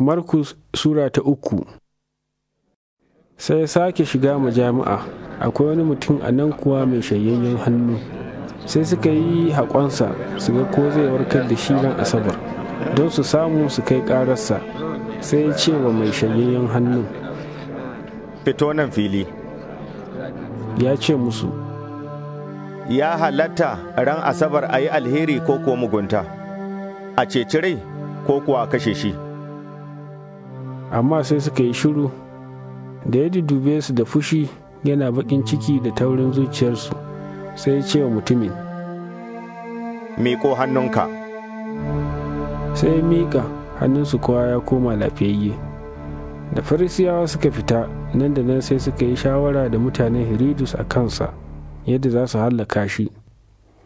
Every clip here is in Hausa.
Markus Sura ta uku Sai sake shiga majami'a, akwai wani mutum a nan kuwa mai shayayyen hannu, sai suka yi haƙonsa su ga ko zai warkar da shi ran Asabar, don su samu su kai ƙararsa, sai ya ce wa mai shayayyen hannu. Fito nan fili. Ya ce musu, Ya halatta ran Asabar a yi alheri ko kuwa mugunta, a ceci rai ko kuwa kashe shi. amma sai suka yi shiru da ya dudube su da fushi yana baƙin ciki da taurin zuciyarsu sai ya ce wa mutumin miƙo hannunka sai ya miƙa hannunsu kowa ya koma lafiyayye da farisiyawa suka fita nan da nan sai suka yi shawara da mutanen hiridus a kansa yadda za su hallaka shi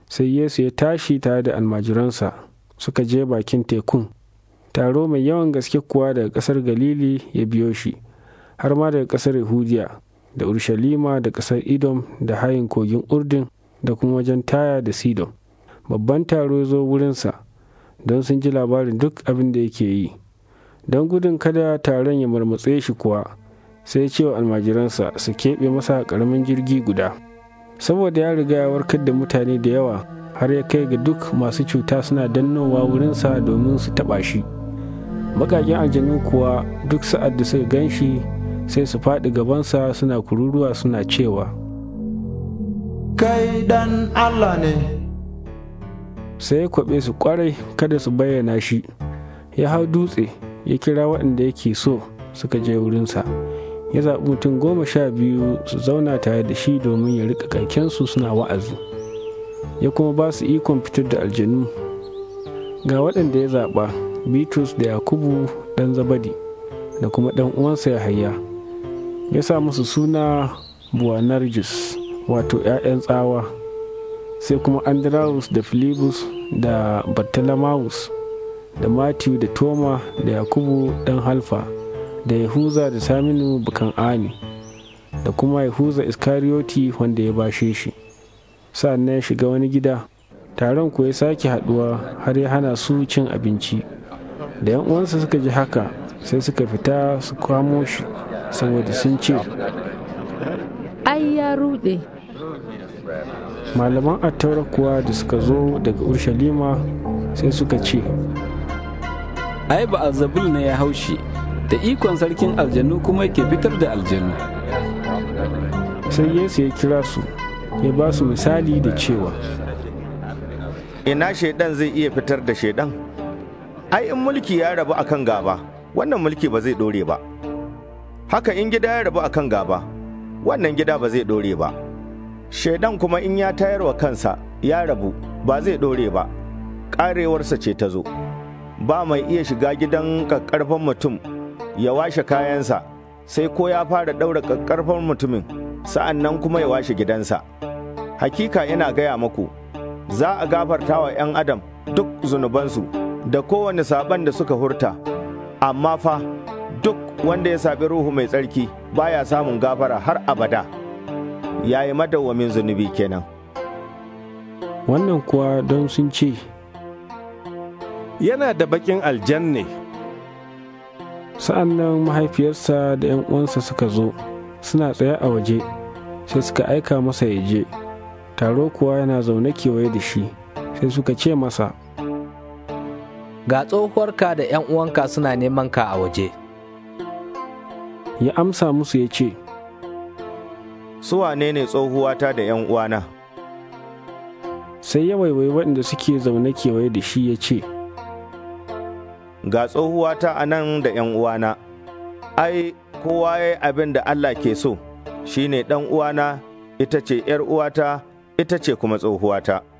sai yesu ya tashi tare da almajiransa suka je bakin tekun taro mai yawan gaske kuwa daga ƙasar galili ya biyo shi har ma daga ƙasar yahudiya da urshalima da ƙasar idom da hayin kogin urdin da kuma wajen taya da sidon babban taro ya zo wurinsa don sun ji labarin duk abin da yake yi don gudun kada taron ya marmatse shi kuwa sai cewa almajiransa su keɓe masa ƙaramin jirgi guda saboda ya riga ya warkar da mutane da yawa har ya kai ga duk masu cuta suna dannowa wurinsa domin su taɓa shi. bakakin aljanu kuwa duk sa'ad da suka ganshi sai su faɗi gabansa suna kururuwa suna cewa kai dan allah ne sai ya kwaɓe su ƙwarai kada su bayyana shi ya hau dutse ya kira waɗanda yake so suka je wurinsa ya zaɓi mutum goma sha biyu su zauna tare da shi domin ya riƙa kakensu suna wa'azi ya kuma ba su ikon fitar da aljanu ga waɗanda ya zaɓa bitrus da yakubu dan zabadi da kuma dan uwansa ya yahaya ya sa musu suna buwanarjus wato 'ya'yan tsawa sai kuma andrawus da filibus da bartolomawus da matthew da toma da yakubu dan halfa da yahuza da saminu bukan ani da kuma yahuza iskarioti wanda ya bashe shi sa'an ya shiga wani gida taron ku ya sake haduwa har ya hana su cin abinci da yan uwansa suka ji haka sai suka fita su kwamo shi saboda sun ce ai ya rude malaman attaura kuwa da suka zo daga urshalima sai suka ce ai ba alzabul na ya haushi da ikon sarkin aljanu kuma yake fitar da aljanu sai yesu ya kira su ya ba su misali da cewa ina shaidan zai iya fitar da shaidan ai in mulki ya rabu akan gaba wannan mulki ba zai dore ba haka in gida ya rabu akan gaba wannan gida ba zai dore ba shaidan kuma in ya tayar wa kansa ya rabu ba zai dore ba karewarsa ce ta zo ba mai iya shiga gidan kakkarfan mutum ya washe kayansa sai ko ya fara ɗaura kakkarfan mutumin sa'an nan kuma ya washe gidansa hakika ina gaya maku za a gafarta wa 'yan adam duk zunubansu da kowane saban da suka hurta, amma fa duk wanda ya saɓi Ruhu mai tsarki baya samun gafara har abada, ya yi madawwamin zunubi kenan. Wannan kuwa don sun ce, Yana da baƙin aljanne. Sa'an nan mahaifiyarsa da ‘yan uwansa suka zo, suna tsaye a waje, sai suka aika masa ya je, taro kuwa yana zaune kewaye da shi, sai suka ce masa, ga tsohuwarka da ‘yan uwanka suna neman ka a waje. Ya amsa musu ya ce, Su wane ne tsohuwata da ‘yan uwana? Sai ya waiwai waɗanda suke zaune kewaye da shi ya ce, Ga tsohuwata a nan da ‘yan uwana, ai, kowa ya abin da Allah ke so, shi ne uwana, ita ce ‘yar uwata, ita ce kuma tsohuwata.